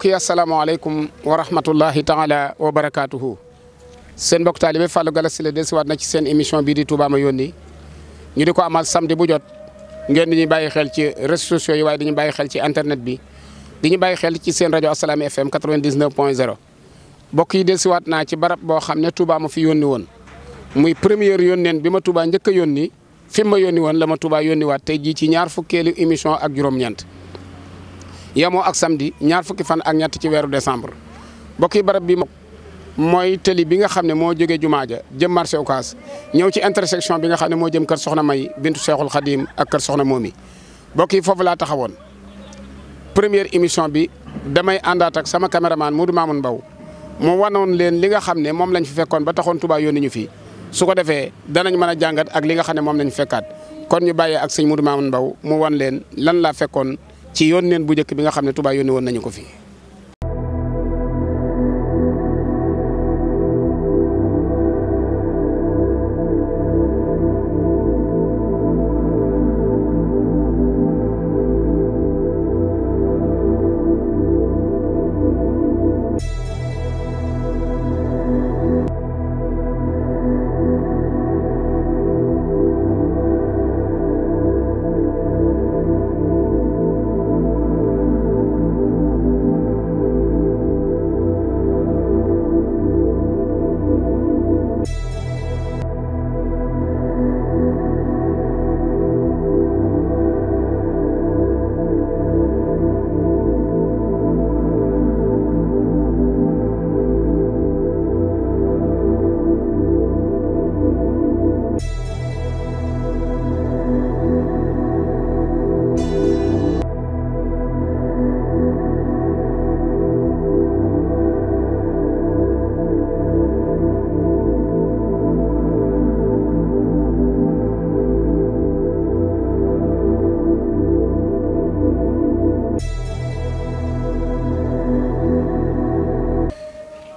ki asalaamaaleykum wa rahmatullahi taala wa barakaatuhu seen mbokk taalibe Fallou Galass Syll dellusiwaat na ci seen émission bii di Touba ma yónni ñu di ko amal samedi bu jot ngeen di ñu bàyyi xel ci réseaux sociaux yi waaye di ñu bàyyi xel ci internet bi di ñu bàyyi xel ci seen rajo Assalaamy FM 99.0 mbokk yi desiwaat naa ci barab boo xam ne Touba ma fi yónni woon muy première neen bi ma Touba njëkk a yónni fi ma yónni woon la ma Touba yónniwaat tey jii ci ñaar fukkeelu émission ak juróom yemoo ak samedi ñaar fukki fan ak ñett ci weeru décembre bokki barab bi mooy tëli bi nga xam ne moo jógee jumaa ja jëm marché Ocass ñëw ci intersection bi nga xam ne moo jëm kër soxna May bintu Seexul Xadiim ak kër soxna Momi bokk yi foofu laa taxawoon première émission bi damay àndaat ak sama caméraman Modou Mamoun Mbaw mu wanoon leen li nga xam ne moom lañ fi fekkoon ba taxoon yoon yónni ñu fii su ko defee danañ mën a jàngat ak li nga xam ne moom lañ fekkaat kon ñu bàyyee ak sëñ Modou Mamoun Mbaw mu wan leen lan laa fekkoon ci yónneen bu njëkk bi nga xam ne Touba yónni woon nañu ko fi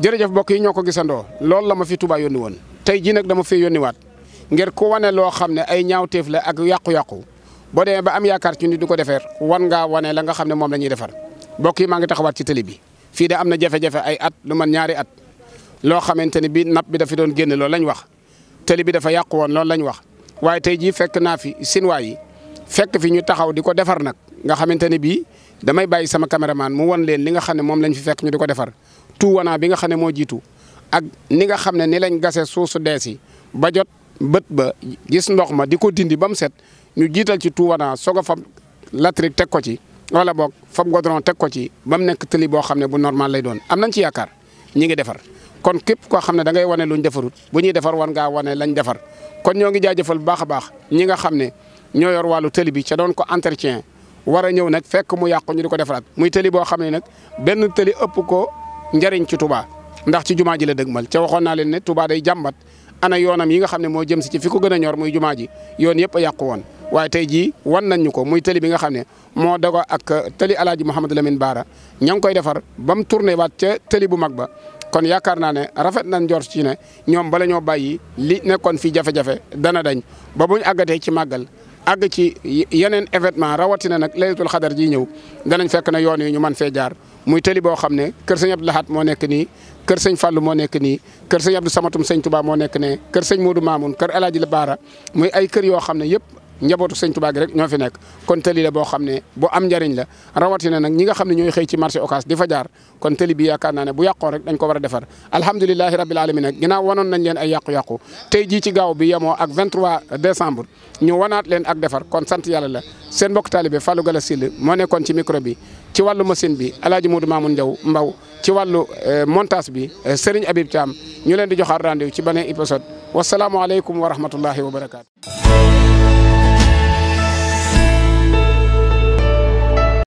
jërëjëf mbokk yi ñoo ko gisandoo loolu la ma fi Touba yónni woon tey jii nag dama fee yónniwaat ngir ku wane loo xam ne ay ñaawteef la ak yàqu-yàqu boo demee ba am yaakaar ci nit di ko defeer wan ngaa wane la nga xam ne moom la ñuy defar mbokk yi maa ngi taxawaat ci tëli bi fii de am na jafe-jafe ay at lu man ñaari at loo xamante ne bi napp bi dafa doon génn loolu lañ wax tëli bi dafa yàqu woon loolu lañ wax waaye tey jii fekk naa fi sinwaa yi fekk fi ñu taxaw di ko defar nag nga xamante ne bii damay bàyyi sama caméraman mu wan leen li nga xam ne moom lañ fi fekk ñu di ko defar tu tuuwanaa bi nga xam ne moo jiitu ak ni nga xam ne ni lañ gase suusu dees yi ba jot bët ba gis ndox ma di ko dindi ba mu set ñu jiital ci tuuwanaa soog a fab latrik teg ko ci wala boog fab godron teg ko ci ba mu nekk tëli boo xam ne bu normal lay doon am nañ ci yaakaar ñi ngi defar kon képp koo xam ne da ngay wane luñ defarut bu ñuy defar wan ngaa wane lañ defar kon ñoo ngi jaajëfal bu baax a baax ñi nga xam ne ñoo yor wàllu tëli bi ca doon ko entretien war a ñëw nag fekk mu yàqu ñu di ko defaraat muy tëli boo xam ne nag benn tëli ëpp ko njariñ ci Touba ndax ci jumaa ji la mal ca waxoon naa leen ne Touba day jàmbat ana yoonam yi nga xam ne moo jëm si ci fi ko gën a ñor muy jumaa ji yoon yëpp a yàqu woon waaye tey ji wan nañ ñu ko muy tëli bi nga xam ne moo dago ak tëli alaaji Mouhamadou Lamine Baara ña ngi koy defar ba mu waat ca tëli bu mag ba kon yaakaar naa ne rafet na njort ci ne ñoom bala ñoo bàyyi li nekkoon fii jafe dana dañ ba buñ àggatee ci màggal àgg ci yeneen événement rawatina nag laylatul xadar ji ñëw danañ fekk na yoon yi ñu man fee jaar muy tëli boo xam ne kër sëñ Abdou Lahat moo nekk ni kër sëñ Fallou moo nekk ni kër sëñ Abdou Samatum sëñ Touba moo nekk ne kër sëñ Modou Mamoun kër El Hadj Bara muy ay kër yoo xam ne yëpp njabootu sëñ Tuubaa rek ñoo fi nekk kon tëli la boo xam ne boo am njariñ la rawatina nag ñi nga xam ne ñooy xëy ci marché Ocass di fa jaar kon tëli bi yaakaar naa ne bu yàqoo rek dañ ko war a defar alhamdulilahi rabbil alamin nag ginnaaw wanoon nañ leen ay yàqu-yàqu tey ji ci gaaw bi yemoo ak 23 décembre ñu wanaat leen ak defar kon sant yàlla la seen mbokk taalibe Fallou Gala Sill moo nekkoon ci micro bi ci wàllu machine bi El Hadj Modou Mamoun Ndiaw Mbaw ci wàllu eh, montage bi eh, Serigne Habib ñu leen di joxaat rendez-vous ci beneen épisode wasalaamualeykum wa rahmatullahi wa barakaatu.